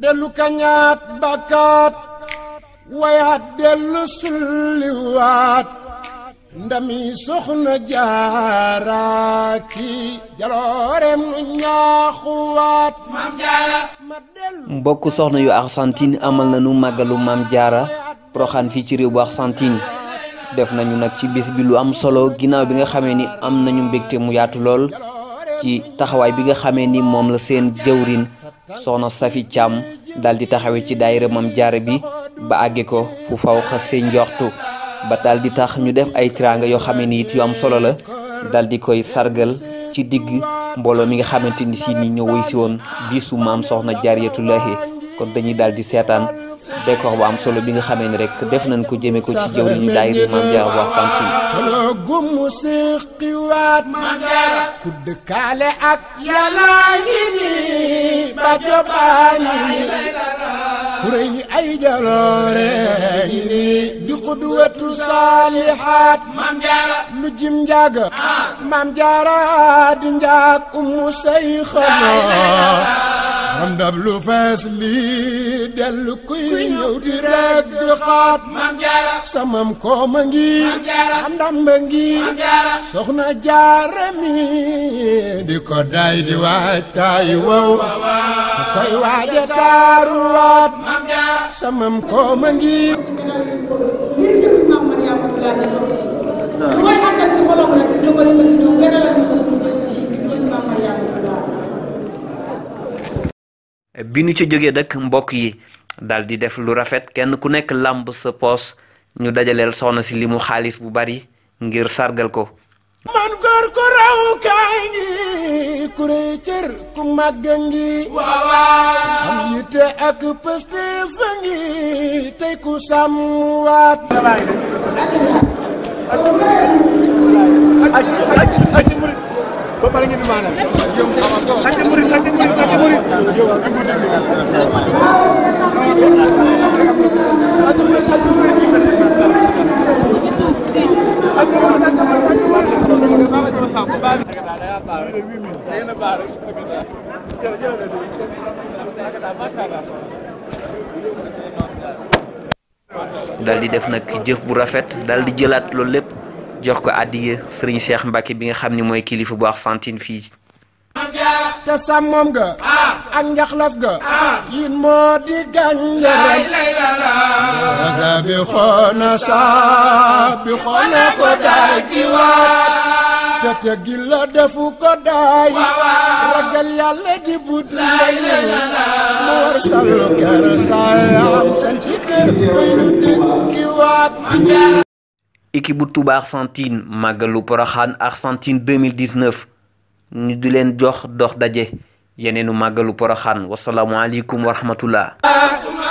dellu kañaat bàkkaat wayaat dellu sulliwaat ndami soxna jaaraaki jaloorem nu ñaaxuwaat maam mbokk soxna yu Argentine amal na nañu màggalu maam jaara proxaan fii ci réew bu Argentine def nañu nag ci bis bi lu am solo ginnaaw bi nga xamee ni am nañu mbégte mu yaatu lool ci taxawaay bi nga xamee ni moom la seen jëwrin soxna Safi Thiam daal di taxawee ci daayira Mame Diarra bi ba àggee ko fu faw xas seen njortu ba daal di tax ñu def ay tiraanga yoo xamee ni yu am solo la daal di koy sargal ci digg mbooloo mi nga xamante ni si ni ñoo woy si woon bisu maam soxna Jaaratullaahi kon dañuy daal di seetaan décor bu am solo bi nga xamee ni rek def nañ ko jëmee ko ci jëw li ñu daayiri maam jaara wax sant yi toloo ku dëkkaale ak yàlla ngi ni ba jobaani kuréy ay jaloore di xudwatu saalihaat lu jim njaaga ah. maam jaara di njaag umu say xamoo man dab lu fees lii dellu kuy ñëw di rek di xaat samam koom a ngi ndamba ngi soxna jaara mi di ko day di waaj taay wow koy waaja taaru waat samam koom a ngi mooy àndal ci xolom rek ñu bi nu ci jógee dëkk mbokk yi daldi def lu rafet kenn ku nekk làmb sa poos ñu dajaleel soxna ci limu xaalis bu bari ngir sargal ko man góor ngi ku ak pëste fa ngi tey ku sàmm waat dal di def nag jëf bu rafet dal di jëlaat loolu lépp jox ko àddiya sëriñ seex Mbacke bi nga xam ni mooy kilifa bu Argentine fii. ak njaxlaf ga ah. yin moo di gànjaram sa bi xoona sa bi xoona ko daay jiwaat te teggi la defu ko daay ragal yàlla di budd mu war sal ker saayam san ci kër doylu dikki waat équipe bu Touba Argentine màggalu Porokhane Argentine 2019 ñu di leen jox dox daje yeneenu màggalu poroxaan wasalaamualeykum wa rahmatullah suma